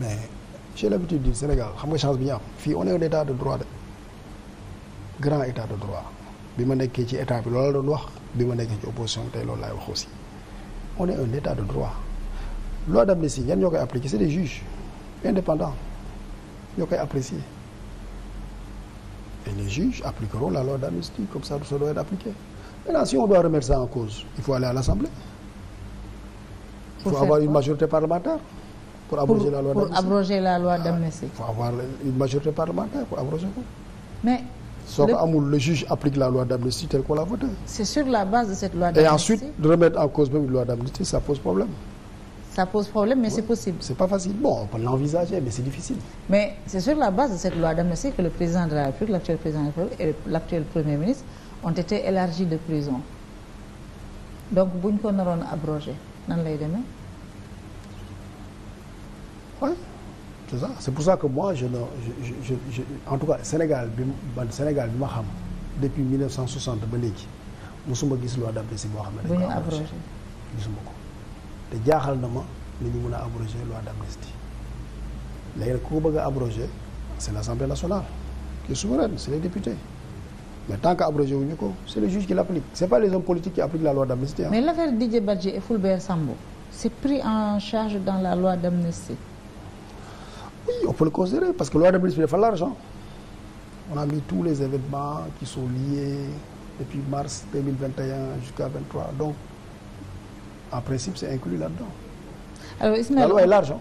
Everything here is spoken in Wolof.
mais j'ai l'habitude du Sénégal xam nga chance bi ñu am fii on est un état de droit de grand état de droit bi ma nekkee ci état bi loolu la doon wax bi ma nekkee ci opposition loolu laay wax aussi on est un état de droit ñoo koy appliquer c'est des juges indépendant ñoo koy apprécier et les juges appliqueront la loi d'amnistie comme ça ça doit être appliqué maintenant si on doit remettre ça en cause il faut aller à l'Assemblée il faut avoir une majorité parlementaire pour abroger la loi d'amnistie pour abroger la loi d'amnistie. il faut avoir une majorité parlementaire pour abroger ko. mais soo ko amul le juge applique la loi d'amnistie telle qu'on l'a votée. c'est sur la base de cette loi d'amnistie. et ensuite remettre en cause même une loi d'amnistie ça pose problème. c'est possible. c'est pas facile bon l'envisager mais c'est difficile. mais c'est sur la base de cette loi d'amnistie l'actuel premier ministre oui c'est ça c'est pour ça que moi je ne je je en tout cas Sénégal bi man Sénégal bi ma xam depuis 1960 ba léegi mosuma gis loi d'amnistie boo xam ne. dañu ko abrogé gisuma ko te jaaxal na ma ni ñu mën a abrogé loi d'amnistie léegi nag ko bëgg a abrogé c'est l'Assemblée nationale qui souveraine c'est les députés. mais tant que abrogé wuñu ko c'est le juge qui l'applique c'est pas les hommes politiques qui appliquent la loi d'amnistie. mais l'affaire Oui, on peut le parce que l'OAW il fait l'argent. On a mis tous les événements qui sont liés depuis mars 2021 jusqu'à 23. Donc, en principe, c'est inclus là-dedans. Alors, la loi est l'argent.